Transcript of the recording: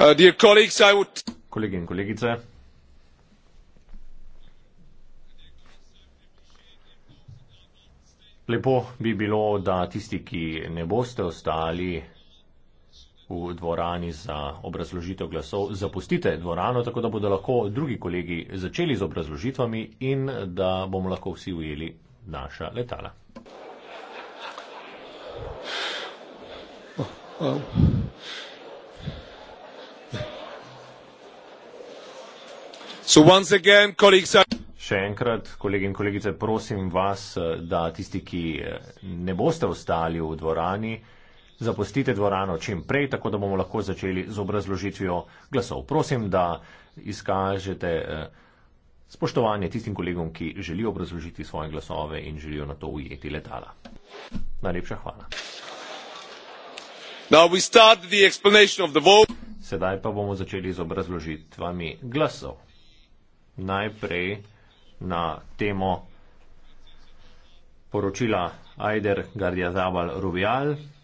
Uh, kolegi in kolegice. Lepo bi bilo, da tisti, ki ne boste ostali v dvorani za obrazložitev glasov, zapustite dvorano, tako da bodo lahko drugi kolegi začeli z obrazložitvami in da bomo lahko vsi ujeli naša letala. Oh, oh. Again, colleagues... Še enkrat, kolegi in kolegice, prosim vas, eh, da tisti, ki eh, ne boste ostali v dvorani, zapustite dvorano čim prej, tako da bomo lahko začeli z obrazložitvijo glasov. Prosim, da izkažete eh, spoštovanje tistim kolegom, ki želijo obrazložiti svoje glasove in želijo na to ujeti letala. Najlepša hvala. Sedaj pa bomo začeli z obrazložitvami glasov najprej na temo poročila Ajder Gardia Zabal Rubial,